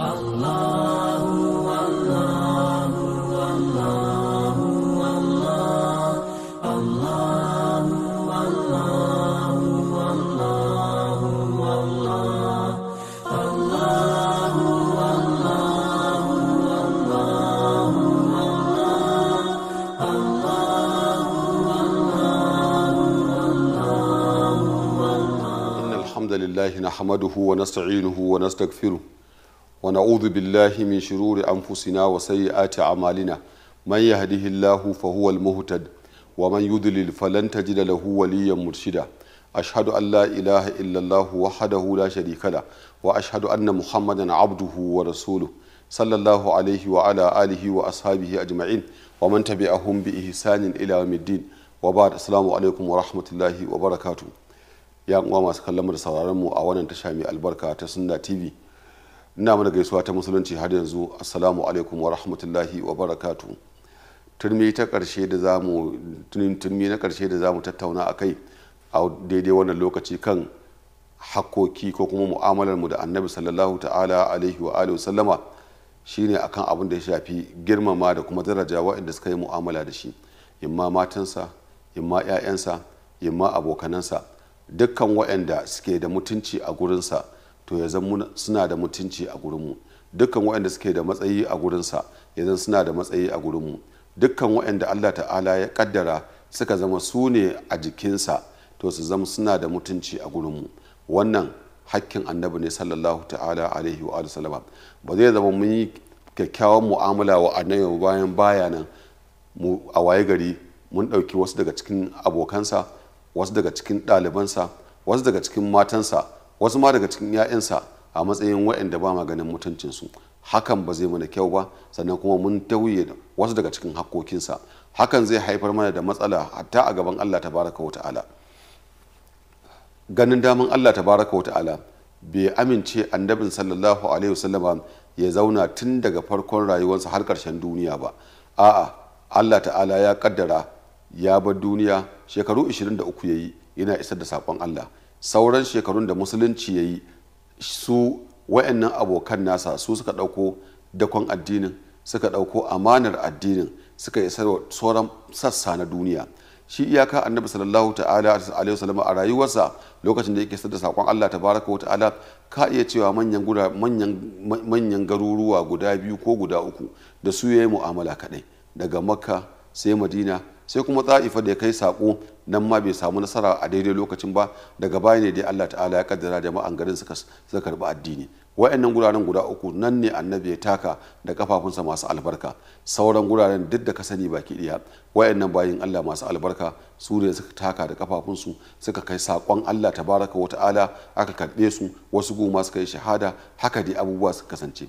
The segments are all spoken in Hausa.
الله الله الله الله إن الحمد لله نحمده ونستعينه ونستغفره ونعوذ بالله من شرور أنفسنا وسيئات أعمالنا من يهده الله فهو المهتد ومن يضلل فلن تجد له وليا مرشدا أشهد أن لا إله إلا الله وحده لا شريك له وأشهد أن محمدا عبده ورسوله صلى الله عليه وعلى آله وأصحابه أجمعين ومن تبعهم بإحسان إلى يوم الدين وبعد السلام عليكم ورحمة الله وبركاته يا أمام أسكلم رسالة mu a wannan tasha mai albarka ta sunna tv ina mana gaisuwa ta musulunci har yanzu assalamu alaikum wa rahmatullahi wa barakatu turmi ta karshe da zamu turmi na karshe da zamu tattauna a kai a daidai wannan lokaci kan hakkoki ko kuma mu'amalar mu da annabi sallallahu ta'ala alaihi wa alihi sallama shine akan abin da ya shafi girmama da kuma daraja waɗanda suka yi mu'amala da shi imma matansa imma 'ya'yansa imma abokanansa dukkan waɗanda suke da mutunci a gurinsa to ya zan suna da mutunci a gurinmu dukkan waɗanda suke da matsayi a gurinsa ya zan suna da matsayi a gurinmu dukkan waɗanda allah ta'ala ya kaddara suka zama su ne a jikinsa to su zama suna da mutunci a gurinmu wannan hakkin annabi ne sallallahu ta'ala alaihi wa sallama ba zai zama mun yi kyakkyawan mu'amala wa annabi bayan baya nan mu a waye gari mun ɗauki wasu daga cikin abokansa wasu daga cikin ɗalibansa wasu daga cikin matansa wasu ma daga cikin 'ya'yansa a matsayin waɗanda ba maganin mutuncinsu hakan ba zai mana kyau ba sannan kuma mun tauye wasu daga cikin hakokinsa hakan zai haifar mana da matsala hatta a gaban Allah tabaraka wa ta'ala ganin daman Allah tabaraka wa ta'ala bai amince annabin sallallahu alaihi wasallama ya zauna tun daga farkon rayuwarsa har karshen duniya ba a'a Allah ta'ala ya kaddara ya bar duniya shekaru 23 yayi yana isar da sakon Allah sauran shekarun da musulunci ya yi su wa'annan abokan nasa su suka ɗauko dakon addinin suka ɗauko amanar addinin suka yi sauran sassa na duniya shi iyaka annabi sallallahu ta'ala alaihi wasallam a rayuwarsa lokacin da yake da sakon Allah tabaraka wa ta'ala ka iya cewa manyan manyan garuruwa guda biyu ko guda uku da su yayi mu'amala kadai daga makka sai madina sai kuma ta'ifa da ya kai sako nan ma bai samu nasara a daidai lokacin ba daga baya ne dai Allah ta'ala ya kaddara jama'an garin suka karbi addini wayannan guraren guda uku nan ne annabi ya taka da kafafunsa masu albarka sauran guraren duk da ka sani baki ɗaya wayannan bayin Allah masu albarka su ne suka taka da kafafunsu suka kai sakon Allah ta baraka wa ta'ala aka karbe su wasu goma suka yi shahada haka dai abubuwa suka kasance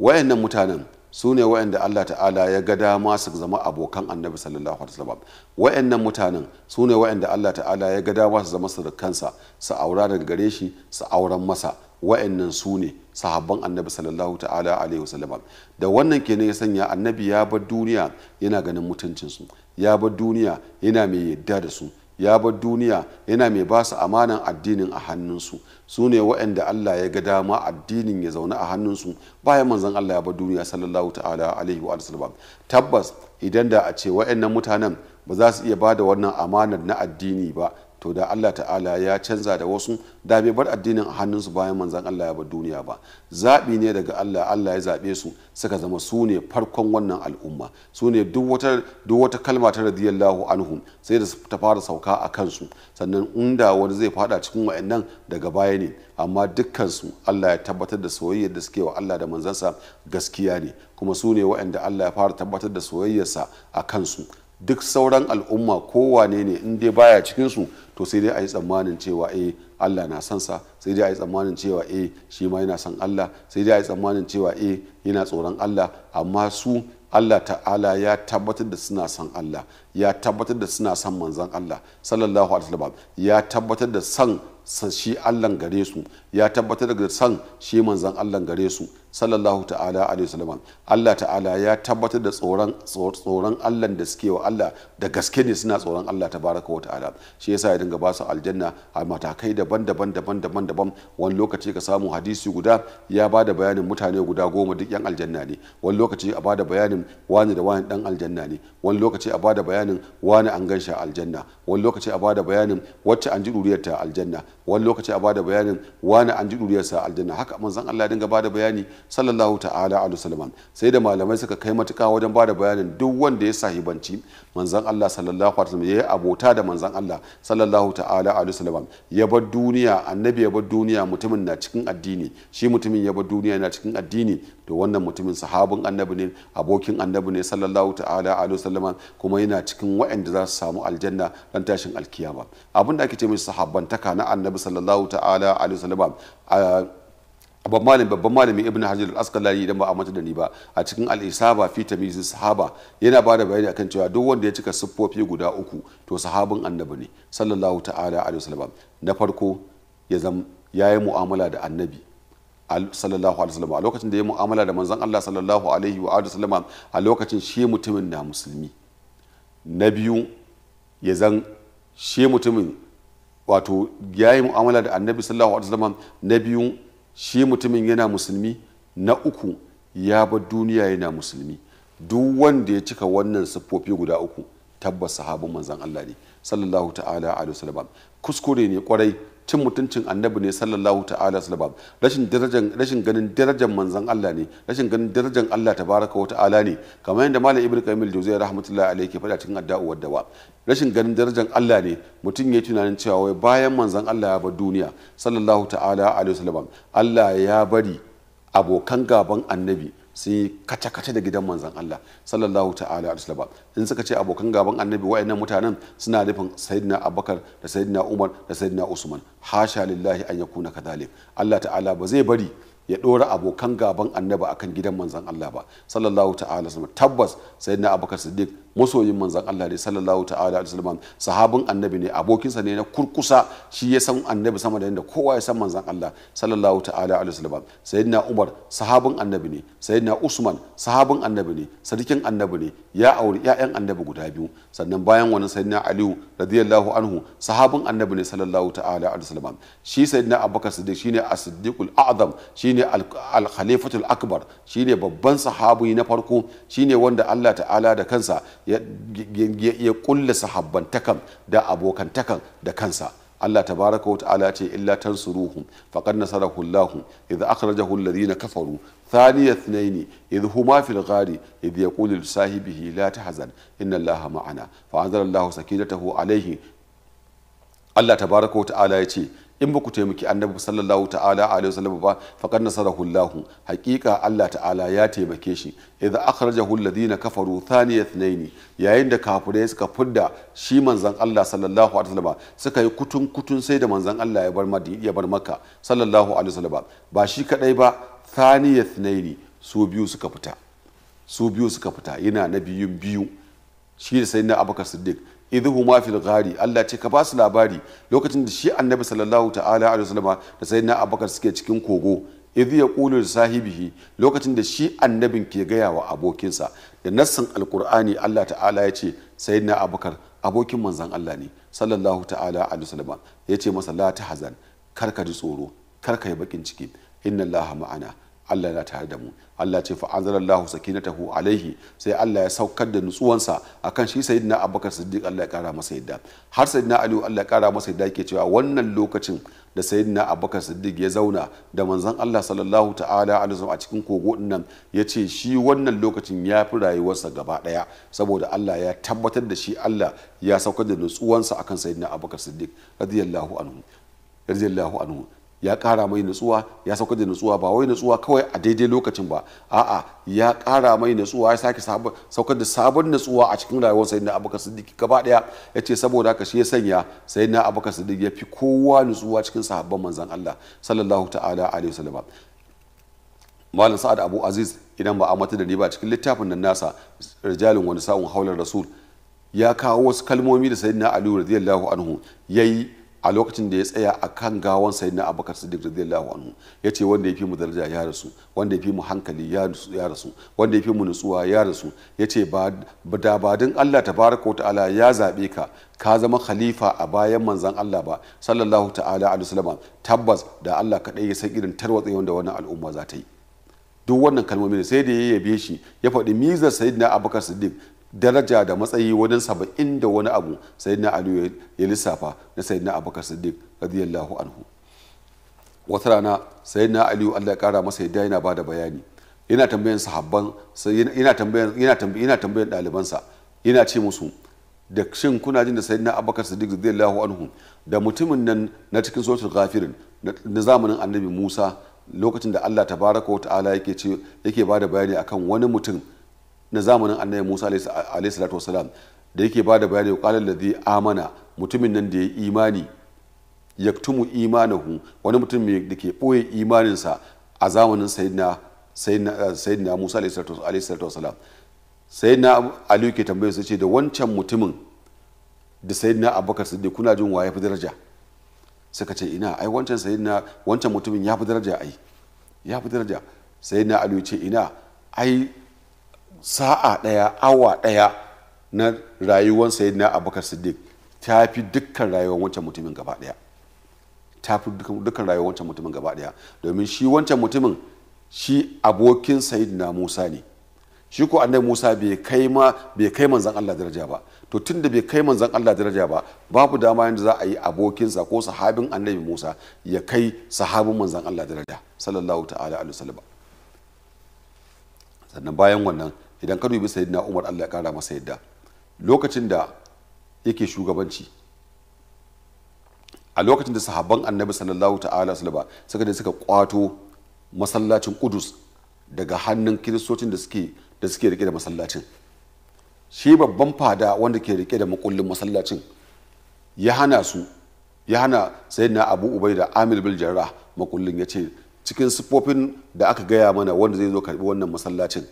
wayannan mutanen su ne wa'anda Allah ta'ala ya ga dama su zama abokan annabi sallallahu alaihi wasallam wa'annan mutanen su ne wa'anda Allah ta'ala ya ga dama su zama surukansa su aura daga gare shi su auren masa wa'annan su ne sahabban annabi sallallahu ta'ala alaihi wasallam da wannan kenan ya sanya annabi ya bar duniya yana ganin mutuncinsu ya bar duniya yana mai yadda da su ya bar duniya yana mai ba su amanan addinin a hannunsu su ne waɗanda Allah ya ga dama addinin ya zaune a hannunsu bayan manzon Allah ya bar duniya sallallahu ta'ala alaihi wa sallam tabbas idan da a ce waɗannan mutanen ba za su iya ba da wannan amanar na addini ba to da Allah ta'ala ya canza da wasu da bai bar addinin a hannunsu bayan manzan Allah ya bar duniya ba zaɓi ne daga Allah Allah ya zaɓe su suka zama su ne farkon wannan al'umma su ne duk wata kalma ta radiyallahu anhum sai da ta fara sauka a kansu sannan inda wani zai fada cikin wa'annan daga baya ne amma dukkansu Allah ya tabbatar da soyayyar da suke wa Allah da manzansa gaskiya ne kuma su ne wa'anda Allah ya fara tabbatar da soyayyarsa a kansu duk sauran al'umma kowane ne in dai baya cikinsu to sai dai a yi tsammanin cewa eh Allah na son sai dai a yi tsammanin cewa eh shi ma yana son Allah sai dai a yi tsammanin cewa eh yana tsoron Allah amma su Allah ta'ala ya tabbatar da suna son Allah ya tabbatar da suna son manzan Allah sallallahu alaihi wasallam ya tabbatar da son shi Allah gare su ya tabbatar da son shi manzan Allah gare su sallallahu ta'ala alaihi wasallam Allah ta'ala ya tabbatar da tsoron tsoron Allah da suke wa Allah da gaske ne suna tsoron Allah tabaraka wa ta'ala shi yasa ya dinga ba su aljanna a matakai daban-daban daban-daban daban wani lokaci ka samu hadisi guda ya ba da bayanin mutane guda goma duk yan aljanna ne wani lokaci a ba da bayanin wani da wani dan aljanna ne wani lokaci a ba da bayanin wani an ganshi aljanna wani lokaci a ba da bayanin wacce an ji duriyarta aljanna wani lokaci a ba da bayanin wani an ji duriyarsa aljanna haka manzon Allah ya dinga ba da bayani sallallahu ta'ala alaihi wasallam sai da malamai suka kai matuka wajen bada bayanin duk wanda ya sahibanci manzon Allah sallallahu alaihi wasallam ya abota da manzan Allah sallallahu ta'ala alaihi wasallam ya bar duniya annabi ya bar duniya mutumin na cikin addini shi mutumin ya bar duniya na cikin addini to wannan mutumin sahabin annabi ne abokin annabi ne sallallahu ta'ala alaihi wasallam kuma yana cikin waɗanda za su samu aljanna don tashin alkiyama abin da ake ce mai sahabbantaka na annabi sallallahu ta'ala alaihi wasallam babban malami babban malami ibn hajar al-asqalani idan ba a mata da ni ba a cikin al-isaba fi tamyiz sahaba yana bada bayani akan cewa duk wanda ya cika siffofi guda uku to sahabin annabi ne sallallahu ta'ala alaihi wasallam na farko ya zam yayi mu'amala da annabi sallallahu alaihi wasallam a lokacin da ya mu'amala da manzon Allah sallallahu alaihi wa alihi wasallam a lokacin shi mutumin na musulmi na biyu ya zan shi mutumin wato yayi mu'amala da annabi sallallahu alaihi wasallam na biyu shi mutumin yana musulmi na uku ya bar duniya yana musulmi duk wanda ya cika wannan siffofi guda uku tabbas sahabin manzan Allah ne sallallahu ta'ala alaihi wasallam kuskure ne kwarai cin mutuncin annabi ne sallallahu ta'ala sallam rashin darajan rashin ganin darajan manzon Allah ne rashin ganin darajan Allah tabaraka wa ta'ala ne kamar yadda malam ibnu qayyim al-jawziyya rahmatullahi alayhi ke faɗa cikin addu'a wadda ba rashin ganin darajan Allah ne mutum ya tunanin cewa wai bayan manzon Allah ya bar duniya sallallahu ta'ala alaihi wasallam Allah ya bari abokan gaban annabi su yi kace-kace da gidan manzan Allah sallallahu ta'ala a in suka ce abokan gaban annabi wa'annan mutanen suna nufin sayyidina Abakar da sayyidina Umar da sayyidina Usman hasha lillahi an na kadhalik Allah ta'ala ba zai bari ya ɗora abokan gaban annabi akan gidan manzan Allah ba sallallahu ta'ala tabbas sayyidina Abakar Siddiq masoyin manzan Allah ne sallallahu ta'ala alaihi wasallam sahabin annabi ne abokinsa ne na kurkusa shi ya san annabi sama da yadda kowa ya san manzan Allah sallallahu ta'ala alaihi wasallam sayyidina Umar sahabin annabi ne sayyidina Usman sahabin annabi ne sarkin annabi ne ya auri ƴaƴan annabi guda biyu sannan bayan wani sayyidina Aliyu radiyallahu anhu sahabin annabi ne sallallahu ta'ala alaihi wasallam shi sayyidina Abubakar Siddiq shine as-siddiqul a'zam shine al-khalifatul akbar shine babban sahabi na farko shine wanda Allah ta'ala da kansa ya kulle sahabbantakan da abokantakan da kansa Allah tabaraka wa ta'ala ce illa tansuruhum faqad nasarahu Allah idh akhrajahu alladhina kafaru thaniya ithnaini idh huma fil ghari idh yaqulu li sahibihi la tahzan inna Allah ma'ana fa anzala Allah sakinatahu alayhi Allah tabaraka wa ta'ala ya ce in ba ku taimaki annabi sallallahu ta'ala alaihi wasallam ba faqad nasarahu Allah haqiqa Allah ta'ala ya taimake shi idza akhrajahu alladhina kafaru thaniya ithnain yayin da kafirai suka fudda shi manzon Allah sallallahu alaihi wasallam suka yi kutun kutun sai da manzon Allah ya bar ya bar Makka sallallahu alaihi wasallam ba shi kadai ba thaniya ithnain su biyu suka fita su biyu suka fita yana na biyun biyu shi da sayyidina Abubakar Siddiq idhuma fil ghari Allah ce ka basu labari lokacin da shi annabi sallallahu ta'ala alaihi wasallama da sayyidina abubakar suke cikin kogo ya idh yaqulu sahibihi lokacin da shi annabin ke gaya wa abokinsa da nassin alqur'ani Allah ta'ala ya ce sayyidina abubakar abokin manzon Allah ne sallallahu ta'ala alaihi wasallama ya ce masa la tahzan kar ka ji tsoro kar ka yi bakin ciki inna ma'ana Allah na tare da mu Allah ce fa anzalallahu sakinatahu alaihi sai Allah ya saukar da nutsuwansa akan shi sayyidina Abubakar Siddiq Allah ya kara masa yadda har sayyidina Ali Allah ya kara masa yadda yake cewa wannan lokacin da sayyidina Abubakar Siddiq ya zauna da manzon Allah sallallahu ta'ala alaihi a cikin kogo nan ya ce shi wannan lokacin ya fi rayuwarsa gaba daya saboda Allah ya tabbatar da shi Allah ya saukar da nutsuwansa akan sayyidina Abubakar Siddiq radiyallahu anhu radiyallahu anhu ya kara mai nutsuwa ya sauka da nutsuwa ba wai nutsuwa kawai a daidai lokacin ba a'a ya kara mai nutsuwa ya sake saukar da sabon nutsuwa a cikin rayuwar sayyidina abubakar siddiq gaba daya ya ce saboda haka shi ya sanya sayyidina abubakar siddiq ya fi kowa nutsuwa cikin sahabban manzan Allah sallallahu ta'ala alaihi wasallam malam sa'ad abu aziz idan ba a mata da ni ba cikin littafin nan nasa rijalin wani sa'un haular rasul ya kawo wasu kalmomi da sayyidina ali radiyallahu anhu yayi a lokacin da ya tsaya a kan gawan sai na abakar siddiq radiyallahu anhu ya ce wanda ya fi mu daraja ya rasu wanda ya fi mu hankali ya rasu wanda ya fi mu nutsuwa ya rasu ya ce da ba din allah tabaraka ta'ala ya zaɓe ka ka zama khalifa a bayan manzan allah ba sallallahu ta'ala alaihi wasallam tabbas da allah kaɗai ya san irin tarwatsewa da wannan al'umma za ta yi duk wannan kalmomin sai da ya yabe shi ya faɗi mizar sayyidina abubakar siddiq daraja da matsayi wajen saba'in da wani abu sai na aliyu ya lissafa na sai sayyidina abubakar siddiq radiyallahu anhu wata rana sai na aliyu allah ya kara masa yadda yana bada bayani yana tambayan sahabban yana tambayan yana tambayan yana tambayan dalibansa yana ce musu da shin kuna jin da sai sayyidina abubakar siddiq radiyallahu anhu da mutumin nan na cikin suratul ghafirin na zamanin annabi musa lokacin da allah tabaraka wa ta'ala yake ce yake bada bayani akan wani mutum na zamanin annabi Musa alayhi salatu wasalam da yake ba da bayani qala allazi amana mutumin nan da ya imani yaktumu imanahu wani mutum da ke boye imaninsa a zamanin sayyidina sayyidina Musa alayhi salatu wasalam sayyidina Aliyu ke tambaye su ce da wancan mutumin da sayyidina Abubakar Siddiq kuna jin waye fi daraja suka ce ina ai wancan sayyidina wancan mutumin ya fi daraja ai ya fi daraja sayyidina Aliyu ce ina ai sa'a ɗaya awa ɗaya na rayuwar na abubakar siddiq ta fi dukkan rayuwar wancan mutumin gaba ɗaya ta fi dukkan rayuwar wancan mutumin gaba ɗaya domin shi wancan mutumin shi abokin na musa ne shi ko annabi musa bai kai ma bai kai allah daraja ba to tun da bai kai manzan allah daraja ba babu dama yadda za a yi abokinsa ko sahabin annabi musa ya kai sahabin manzan allah daraja sallallahu ta'ala alaihi wasallam sannan bayan wannan idan ka dubi sayyidina umar allah ya kara masa yadda lokacin da yake shugabanci a lokacin da sahabban annabi sallallahu ta'ala sallama suka da suka kwato masallacin kudus daga hannun kiristocin da suke da suke rike da masallacin shi babban fada wanda ke rike da makullin masallacin ya hana su ya hana sayyidina abu da amir bil jarrah makullin ya ce cikin siffofin da aka gaya mana wanda zai zo karbi wannan masallacin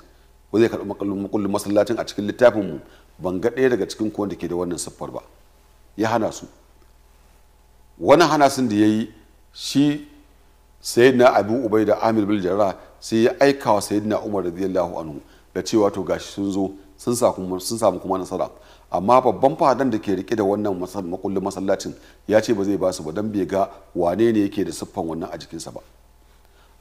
ko zai karɓi makullin masallacin a cikin littafin mu ban ga ɗaya daga cikin kowanne ke da wannan siffar ba ya hana su wani hana sun da ya yi shi sayyidina abu ubai da amir bil jarra sai ya aika wa sayyidina umar radiyallahu anhu da cewa to gashi sun zo sun samu kuma nasara amma babban fadan da ke rike da wannan makullin masallacin ya ce ba zai ba su ba don bai ga wane ne yake da siffan wannan a jikinsa ba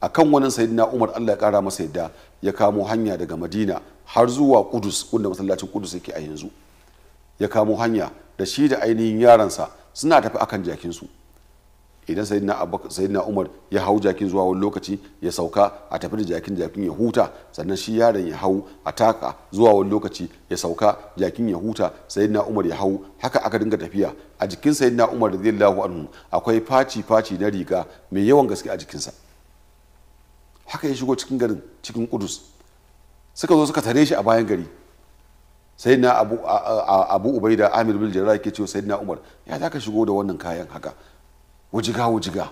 a kan wani sayidina umar allah ya kara masa yadda ya kamo hanya daga madina har zuwa kudus wanda masallacin kudus yake a yanzu ya kamo hanya da shi da ainihin yaransa suna tafi akan jakinsu idan sayidina umar ya hau jakin zuwa wani lokaci ya sauka a tafi da jakin jakin ya huta sannan shi yaron ya hau a taka zuwa wani lokaci ya sauka jakin ya huta sayidina umar ya hau haka aka dinga tafiya a jikin sayidina umar radiyallahu anhu akwai faci faci na riga mai yawan gaske a jikinsa haka ya shigo cikin garin cikin kudus suka zo suka tare shi a bayan gari sai na abu, ubai ubaida amir bil jarrah ke cewa na umar ya za ka shigo da wannan kayan haka wajiga wajiga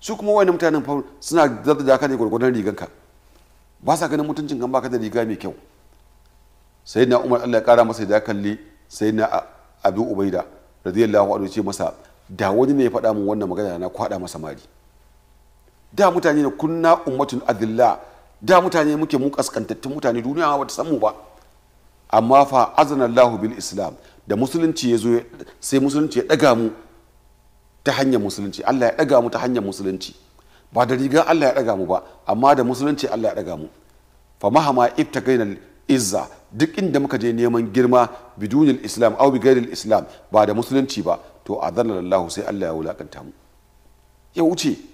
su kuma wani mutanen fa suna da ka ne riganka ba sa ganin mutuncin kan baka da riga mai kyau na umar Allah ya kara masa da kalli na abu ubaida radiyallahu anhu ce masa da wani ne ya faɗa min wannan magana na kwada masa mari da mutane ne kunna ummatun adilla da mutane muke mu kaskantattun mutane duniya ba ta samu ba amma fa azana Allahu bil islam da musulunci ya zo sai musulunci ya daga mu ta hanyar musulunci Allah ya daga mu ta hanyar musulunci ba da riga Allah ya daga mu ba amma da musulunci Allah ya daga mu fa mahama ibtagaina izza duk inda muka je neman girma bidunil islam au bigairil islam ba da musulunci ba to azana Allahu sai Allah ya wulakanta mu ya wuce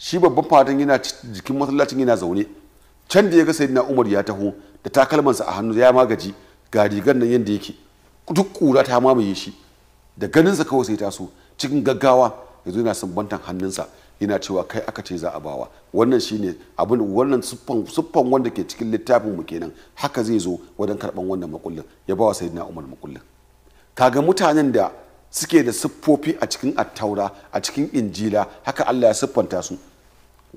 shi babban fatan yana jikin masallacin yana zaune can da ya ga sayyidina umar ya taho da takalmansa a hannu ya magaji ga rigar nan yadda yake duk kura ta mamaye shi da ganinsa kawai sai so cikin gaggawa ya zo yana sumbantan hannunsa yana cewa kai aka ce za a bawa wannan shine abin wannan siffan wanda ke cikin littafin mu kenan haka zai zo wajen karban wannan makullin ya bawa sayyidina umar makullin kaga mutanen da suke da siffofi a cikin attaura a cikin injila haka allah ya siffanta su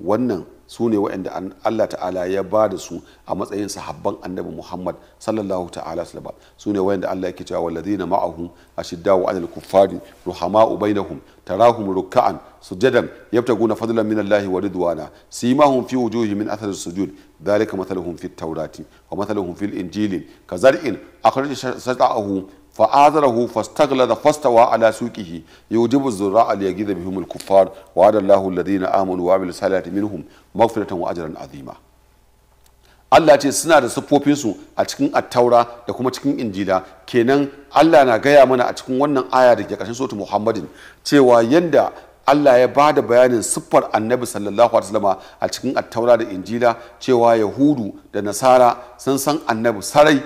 wannan su ne wa'anda allah ta'ala ya ba da su a matsayin sahabban annabi muhammad sallallahu ta'ala sallama su ne wa'anda allah yake cewa walladina ma'ahum ashiddawu alal kuffari ruhama'u bainahum tarahum ruk'an sujadan yabtaguna fadlan min allahi wa ridwana simahum fi wujuhi min athari sujud dhalika mathaluhum fit taurati wa mathaluhum fil injili kazar'in akhraja shata'ahu fa azarahu da fastawa ala suqihi yujibu zurra al yaghidha bihum al kuffar wa ada Allahu amanu wa amilus minhum azima Allah ce suna da siffofinsu a cikin attaura da kuma cikin injila kenan Allah na gaya mana a cikin wannan aya da ke ƙarshen sotu Muhammadin cewa yadda Allah ya ba da bayanin siffar annabi sallallahu alaihi wasallama a cikin attaura da injila cewa yahudu da nasara sun san annabi sarai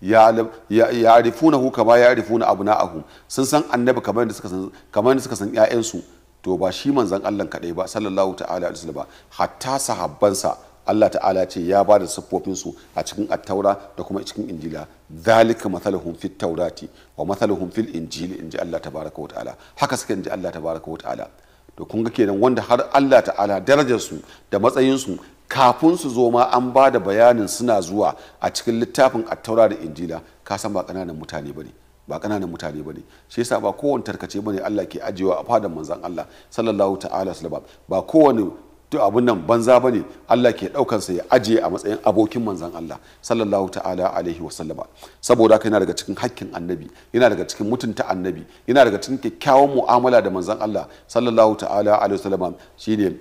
ya arifunahu kama ya arifuna abna'ahum sun san annabi kamar da suka san kamar da suka san ƴaƴansu to ba shi manzan Allah kadai ba sallallahu ta'ala a ba. hatta sahabbansa Allah ta'ala ce ya ba da siffofinsu a cikin attaura da kuma cikin injila zalika mathaluhum fit taurati wa mathaluhum fil injili inji Allah tabaraka wa ta'ala haka suka inji Allah tabaraka wa ta'ala to kun kenan wanda har Allah ta'ala darajarsu da matsayinsu kafin su zo ma an ba da bayanin suna zuwa a cikin littafin attaura da injila ka san ba kananan mutane ba ne ba kananan mutane ba ne shi yasa ba kowane tarkace ba ne allah ke ajiyewa a fadan manzan allah sallallahu ta'ala sallam ba kowane to abun nan banza ba ne allah ke sa ya ajiye a matsayin abokin manzan allah sallallahu ta'ala alaihi wa sallama saboda haka yana daga cikin hakkin annabi yana daga cikin mutunta annabi yana daga cikin kyakkyawan mu'amala da manzan allah sallallahu ta'ala alaihi wa sallama shine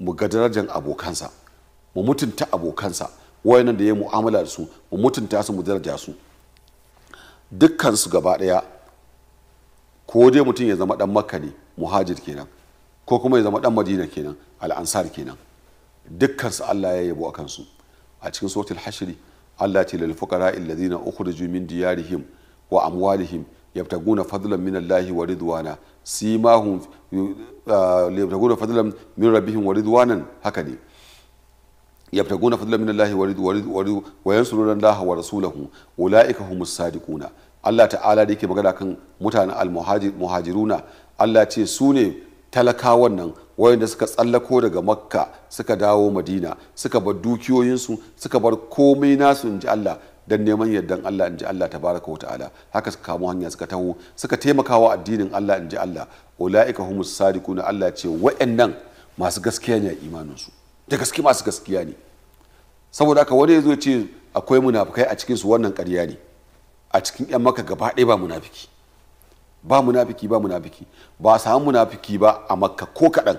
mu ga darajar abokansa mu mutunta abokansa wayannan da ya mu'amala da su mu mutunta su mu daraja su dukkan su gaba daya ko dai mutum ya zama dan makka ne muhajir kenan ko kuma ya zama dan madina kenan Al-Ansar kenan dukkan su Allah ya yabo akan su a cikin suratul hashr Allah ce lil fuqara alladhina ukhriju min diyarihim wa amwalihim yabtaguna fadlan min Allah wa ridwana simahum ah, yabtaguna fadlan min rabbihim wa ridwanan haka ne yabtaguna fadlan min Allah wa ridwan wa yansuruna Allah wa rasulahu ulaika humus sadiquna Allah ta'ala da yake magana kan mutanen al-muhajiruna Allah ce su ne talakawan nan wayanda suka tsallako daga makka suka dawo madina suka bar dukiyoyinsu suka bar komai nasu in ji Allah dan neman yardan Allah in ji Allah tabaraka wa ta'ala haka suka kamo hanya suka taho suka taimakawa addinin Allah in ji Allah ulaika humus sadiquna Allah ce wayannan masu gaskiya ne imaninsu su da gaske masu gaskiya ne saboda haka wani zo ce akwai munafikai a cikinsu wannan karya ne a cikin 'yan maka gaba ɗaya ba munafiki ba munafiki ba munafiki ba a samu munafiki ba a makka ko kaɗan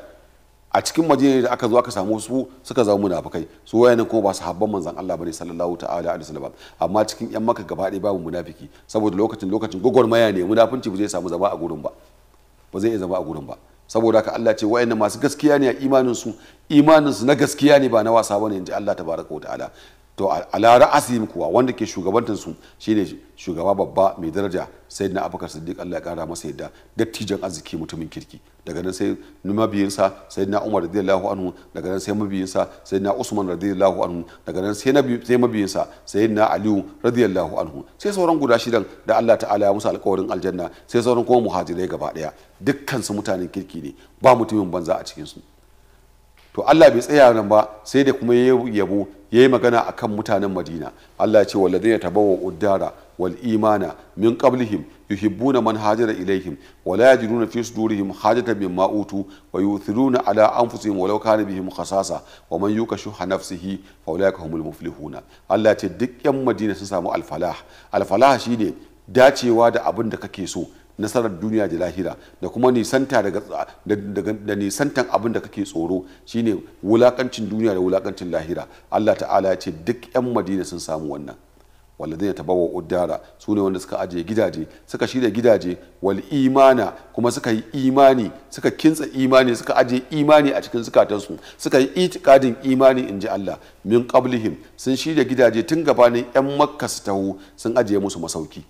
a cikin madina da aka zo aka samu su suka zama munafikai su wayan kuma ba su habban manzan Allah bane sallallahu ta'ala alaihi wasallam amma cikin yan maka gaba ɗaya babu munafiki saboda lokacin lokacin gogor maya ne munafinci ba zai samu zama a gurin ba ba zai iya zama a gurin ba saboda ka Allah ce wa'annan masu gaskiya ne a imaninsu imaninsu na gaskiya ne ba na wasa bane inji Allah tabaraka wa ta'ala to ala ra'asihim kuwa wanda ke shugabantar su shine shugaba babba mai daraja sai na abubakar siddiq allah ya kara masa yadda dattijan arziki mutumin kirki daga nan sai mabiyinsa sai na umar radiyallahu anhu daga nan sai mabiyinsa sai na usman radiyallahu anhu daga nan sai sai mabiyinsa sai na aliyu radiyallahu anhu sai sauran guda shidan da allah ta'ala ya musu alkawarin aljanna sai sauran kuma muhajirai gaba daya dukkan su mutanen kirki ne ba mutumin banza a cikin su to allah bai tsaya nan ba sai da kuma yabo ya yi magana kan mutanen madina allah ya ce taba wa uddara wal imana min qablihim yuhibbuna man hajara ilaihim wa la yajiduna fi sudurihim hajatan mimma ma'utu wa yuthiruna ala anfusihim walau kana bihim khasasa wa man yuka shuha nafsihi fa ulaika humul muflihuna allah ya ce duk yan madina sun samu alfalah alfalah shine dacewa da abin da kake so nasarar duniya da lahira da kuma nisanta daga da nisantan abin da kake tsoro shine wulakancin duniya da wulakancin lahira Allah ta'ala ya ce duk yan madina sun samu wannan walladina tabawa uddara su ne wanda suka ajiye gidaje suka shirya gidaje wal imana kuma suka yi imani suka kintsa imani suka ajiye imani a cikin zukatansu suka yi itikadin imani in ji Allah min qablihim sun shirya gidaje tun gabanin yan makka su taho sun ajiye musu masauki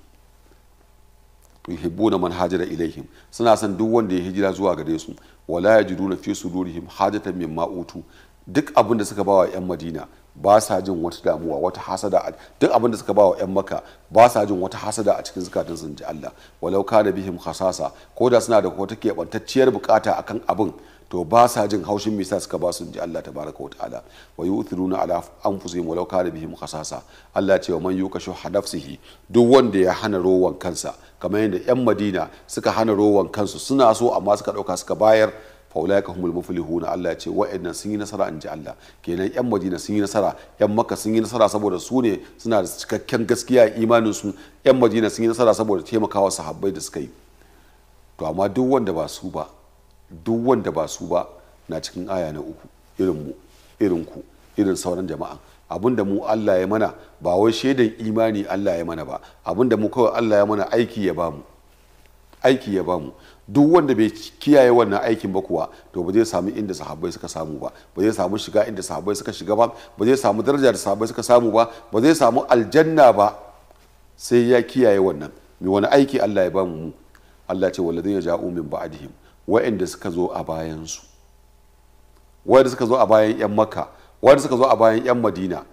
yuhibbuna man hajara ilaihim suna san duk wanda ya hijira zuwa gare su wala yajiduna fi sudurihim hajatan mimma utu duk abin da suka bawa yan Madina ba sa jin wata damuwa wata hasada duk abin da suka bawa yan Makka ba sa jin wata hasada a cikin zakatun sun ji Allah walau kana bihim khasasa koda suna da wata kebantacciyar bukata akan abin to ba sa jin haushin me yasa suka ba su ji Allah tabaraka wa ta'ala wa yu'thiruna ala anfusihim walau kana bihim khasasa Allah ce wa man yukashu hadafsihi duk wanda ya hana rowan kansa kamar yadda yan Madina suka hana rowan kansu suna so amma suka dauka suka bayar faulaika humul muflihun Allah ya ce wa'annan sun yi nasara in ji Allah kenan yan Madina sun yi nasara yan Makka sun yi nasara saboda su ne suna da cikakken gaskiya imanin su yan Madina sun yi nasara saboda taimakawa sahabbai da suka yi to amma duk wanda ba su ba duk wanda ba su ba na cikin aya na uku irin mu irin ku irin sauran jama'a abinda mu Allah ya mana ba wai shaidan imani Allah ya mana ba abinda mu kawai Allah ya mana aiki ya mu aiki ya mu duk wanda bai kiyaye wannan aikin ba kuwa to ba zai samu inda sahabbai suka samu ba ba zai samu shiga inda sahabbai suka shiga ba ba zai samu daraja da sahabbai suka samu ba ba zai samu aljanna ba sai ya kiyaye wannan mai wani aiki Allah ya ba mu Allah ce ya ja'u min ba'dihim wa'inda suka zo a bayansu wa'inda suka zo a bayan 'yan makka suka zo a bayan 'yan madina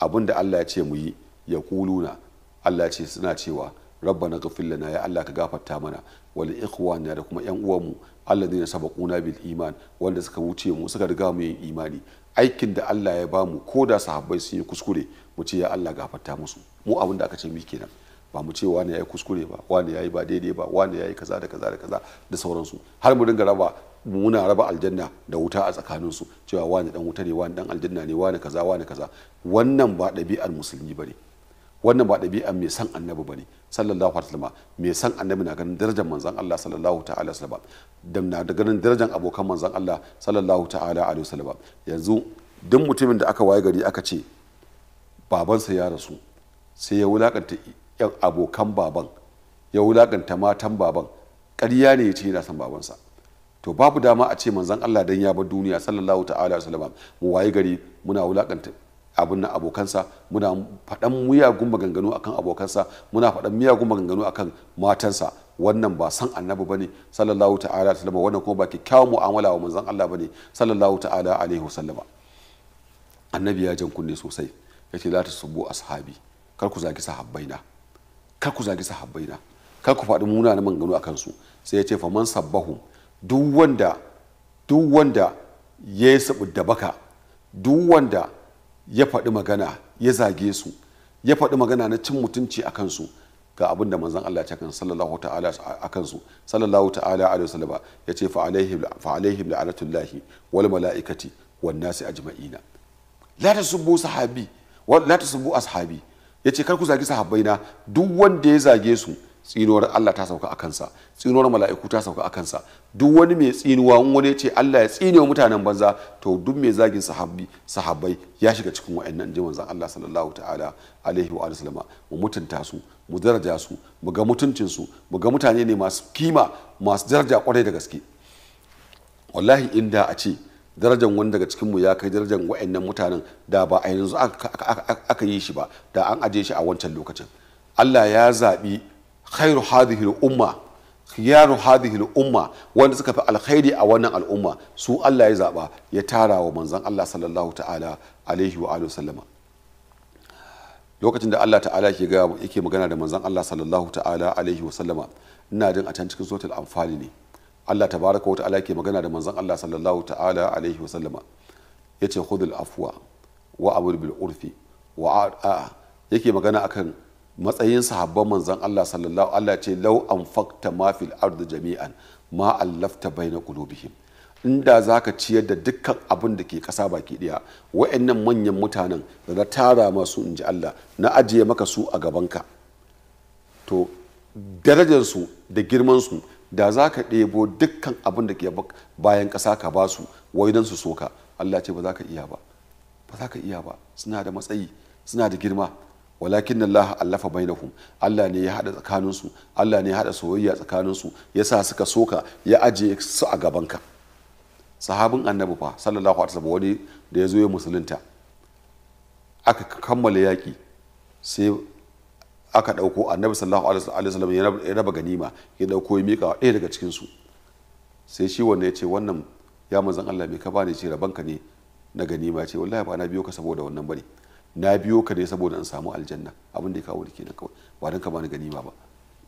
abinda allah ya ce mu yi ya kuluna allah ce suna cewa rabba na gafin lana ya allah ka gafarta mana wani ikhwana da kuma 'yan mu allah ne sabakuna bil iman wanda suka wuce mu suka riga mu yin imani aikin da allah ya bamu ko da sahabbai sun yi kuskure mu ce ya allah gafarta musu mu abin da aka ce mu kenan ba mu ce wani ya yi kuskure ba wani ya yi ba daidai ba wani ya yi kaza da kaza da kaza da sauransu har mu dinga raba muna raba aljanna da wuta a tsakaninsu cewa wani dan wuta ne wani dan aljanna ne wani kaza wani kaza wannan ba ɗabi'ar musulmi ba ne wannan ba ɗabi'ar mai san annabi ba ne sallallahu alaihi wasallam mai san annabi na ganin darajar manzon Allah sallallahu ta'ala alaihi wasallam da na da ganin darajar abokan manzon Allah sallallahu ta'ala alaihi wasallam yanzu duk mutumin da aka waye gari aka ce babansa ya rasu sai ya wulakanta yan abokan baban ya wulaƙanta matan baban ƙarya ne ya ce yana son babansa to babu dama a ce manzan Allah dan ya bar duniya sallallahu ta'ala wa sallama mu waye gari muna wulaƙanta abun nan abokansa muna faɗan miyagun maganganu akan abokansa muna faɗan miyagun maganganu akan matansa wannan ba san annabi bane sallallahu ta'ala wa sallama wannan kuma ba kyakkyawan mu'amala wa manzan Allah bane sallallahu ta'ala alaihi sallama annabi ya jan kunne sosai yace la tasubbu ashabi kar ku zagi sahabbaina ka ku zagi sahabbai na ka ku faɗi munanan manganu a kansu sai ya ce faman sabbahu duk wanda duk wanda ya sabu da baka duk wanda ya faɗi magana ya zage su ya faɗi magana na cin mutunci a kansu ga abin da manzon Allah ya kan sallallahu ta'ala a kansu sallallahu ta'ala alaihi wasallama ya ce fa alaihi fa alaihim la'anatullahi wal mala'ikati wan nasi ajma'ina la tasubbu sahabi la tasubbu ashabi ya ce kar ku zagi sahabbai na duk wanda ya zage su tsinuwar Allah ta sauka a kansa tsinuwar mala'iku ta sauka a kansa duk wani mai tsinuwa in wani ce Allah ya tsine mutanen banza to duk mai zagin sahabbi sahabbai ya shiga cikin wayannan jiman zan Allah sallallahu ta'ala alaihi wa sallama mu mutunta su mu daraja su mu ga mutuncin su mu ga mutane ne masu kima masu daraja kwarai da gaske wallahi inda a ce darajan wani daga cikinmu ya kai darajan wa'annan mutanen da ba a yanzu aka yi shi ba da an aje shi a wancan lokacin Allah ya zaɓi khairu hadhihi umma khiyaru hadhihi umma wanda suka fi alkhairi a wannan al'umma su Allah ya zaɓa ya tara wa manzon Allah sallallahu ta'ala alaihi wa sallama lokacin da Allah ta'ala ke yake magana da manzon Allah sallallahu ta'ala alaihi wa sallama ina jin a can cikin suratul amfani ne Allah tabaraka wata ala ke magana da manzon Allah sallallahu ta'ala alaihi wa sallama yace khudul afwa wa amr bil urfi wa a yake magana akan matsayin sahabban manzon Allah sallallahu Allah ce law anfaqta ma fil ardi jami'an ma allafta baina qulubihim inda zaka ciyar da dukkan abin da ke kasa baki daya wa'annan manyan mutanen da na tara masu inji Allah na ajiye maka su a gabanka to darajar su da girmansu da za ka ɗebo dukkan abin da ke bayan ƙasa ka ba su wai don su soka Allah ce ba za ka iya ba ba za ka iya ba suna da matsayi suna da girma walakin Allah allafa bainahum Allah ne ya hada tsakaninsu Allah ne ya haɗa soyayya tsakaninsu ya sa suka soka ya aje su a gabanka sahabin annabi fa sallallahu alaihi wasallam wani da ya zo ya musulunta aka kammala yaki sai aka dauko annabi sallallahu alaihi wasallam ya raba ganima ya dauko ya mika ɗaya daga cikin su sai shi wanda ya ce wannan ya manzan Allah me ka bani ce rabanka ne na ganima ce wallahi ba na biyo ka saboda wannan bane na biyo ka ne saboda in samu aljanna abin da ya kawo kenan kawai ba dan ka bani ganima ba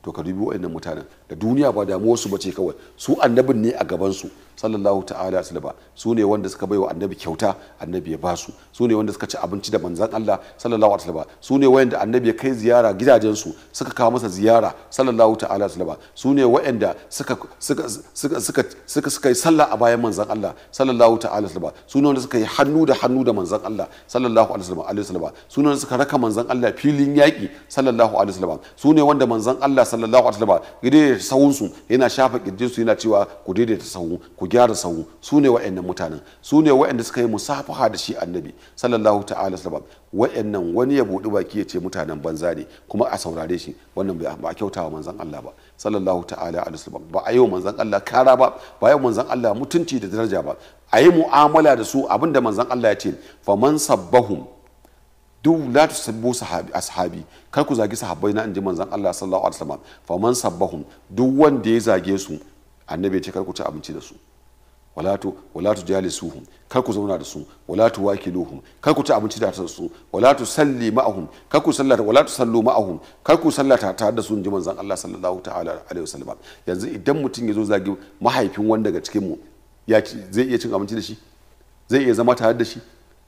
to ka dubi wa'annan mutanen da duniya ba damuwarsu ba bace kawai su annabin ne a gaban su sallallahu ta'ala alaihi su ne wanda suka baiwa annabi kyauta annabi ya ba su su ne wanda suka ci abinci da manzan Allah sallallahu ta'ala wasallam su ne wanda annabi ya kai ziyara gidajensu suka kawo masa ziyara sallallahu ta'ala alaihi su ne wayanda suka suka suka suka suka suka yi sallah a bayan manzan Allah sallallahu ta'ala alaihi su ne wanda suka yi hannu da hannu da manzan Allah sallallahu alaihi wasallam su ne wanda suka raka manzan Allah filin yaƙi sallallahu alaihi wasallam su ne wanda manzan Allah sallallahu alaihi wasallam gidaje sahunsu yana shafa kirjinsu su yana cewa ku daidaita sahu ku gyara sahu su ne wa'annan mutanen su ne wa'anda suka yi musafaha da shi annabi sallallahu ta'ala sallam wa'annan wani ya buɗi baki ya ce mutanen banza ne kuma a saurare shi wannan ba a kyauta wa manzon Allah ba sallallahu ta'ala alaihi sallam ba a yi wa manzon Allah kara ba ba a yi wa manzon Allah mutunci da daraja ba a yi mu'amala da su abinda manzon Allah ya ce fa man sabbahum duk la sabbu sahabi ashabi kar ku zagi sahabbai na inji manzon Allah sallallahu alaihi wasallam man sabbahum duk wanda ya zage su annabi ya ce kar ku ci abinci da su walatu walatu jalisuhum kar ku zauna da su walatu wakiluhum kar ku ci abinci da ta su walatu salli ma'ahum kar ku sallata walatu sallu ma'ahum kar ku sallata tare da su in ji manzon Allah sallallahu ta'ala alaihi wasallam yanzu idan mutum ya zo zagi mahaifin wanda daga cikin mu ya zai iya cin abinci da shi zai iya zama tare da shi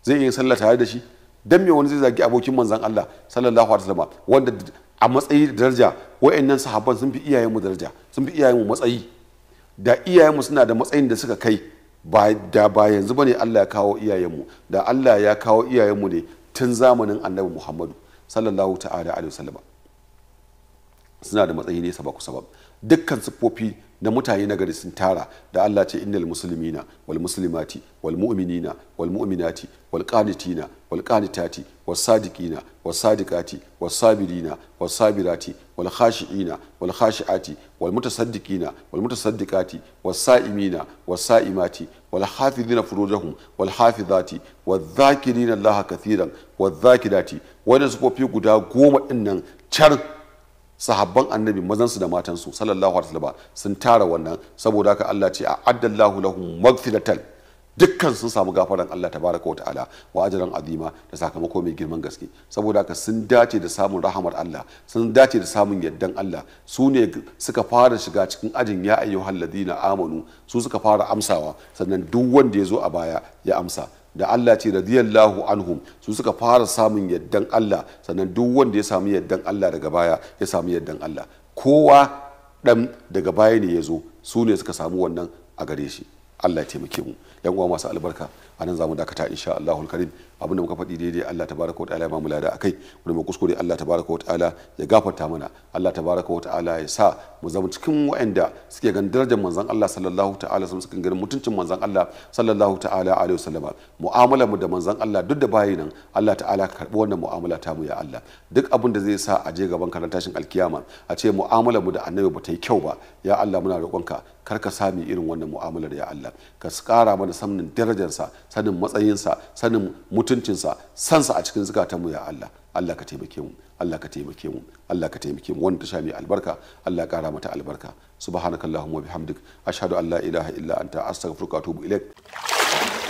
zai iya sallata tare da shi dan me wani zai zagi abokin manzon Allah sallallahu alaihi wasallam wanda a matsayi daraja wa'annan sahabban sun fi mu daraja sun fi iyayenmu matsayi da iyayenmu suna da matsayin da suka kai da ba yanzu ne Allah ya kawo iyayenmu da Allah ya kawo iyayenmu ne tun zamanin Annabi Muhammadu sallallahu ta'ala alaihi wasallam suna da matsayi ne ba kusa -sabab. dukkan siffofi na mutane na gari sun tara da Allah ce innal muslimina wal muslimati wal mu'minina wal mu'minati wal qanitina wal qanitati was sadiqina was sadiqati was sabirina was sabirati wal khashiina wal khashiati wal mutasaddiqina wal mutasaddiqati was sa'imina was sa'imati wal hafizina furujahum wal hafizati wal dhakirina Allah kathiran wal dhakirati wannan sufofi guda goma nan char sahabban annabi mazansu da matansu sallallahu alaihi wasallam sun tara wannan saboda haka Allah ce a addallahu lahum magfiratan dukkan sun samu gafaran Allah tabaraka wa ta'ala wa ajran azima da sakamako mai girman gaske saboda haka sun dace da samun rahamar Allah sun dace da samun yaddan Allah su ne suka fara shiga cikin ajin ya ayyuhal ladina amanu su suka fara amsawa sannan duk wanda ya zo a baya ya amsa da Allah ce radiyallahu anhum su suka fara samun yaddan Allah sannan duk wanda ya samu yaddan Allah daga baya ya samu yaddan Allah kowa dan daga baya ne ya zo su ne suka samu wannan a gare shi Allah ya taimake mu yan uwa masu albarka a nan za zamu dakata insha Allahul Karim abin da muka faɗi daidai Allah tabaraka wa ta'ala ya bamu lada akai wanda mu kuskure Allah tabaraka wa ta'ala ya gafarta mana Allah tabaraka wa ta'ala ya sa mu zama cikin waɗanda suke ganin darajar manzon Allah sallallahu ta'ala sun suka ganin mutuncin manzon Allah sallallahu ta'ala alaihi wasallama mu'amala mu da manzon Allah duk da bayi nan Allah ta'ala ka karbi wannan mu'amala ta mu ya Allah duk abin da zai sa a je gaban karanta tashin alkiyama a ce mu'amala mu da annabi ba ta yi kyau ba ya Allah muna roƙonka kar ka sami irin wannan mu'amalar ya Allah ka kara mana samun darajarsa sanin matsayinsa sanin mutuncinsa sansa a cikin zukatanmu ya Allah Allah ka taimake mu Allah ka taimake mu Allah ka taimake mu wanda ta sha albarka Allah kara mata albarka subhanakallahumma bihamdik ashhadu an la ilaha illa anta astaghfiruka wa atubu ilaik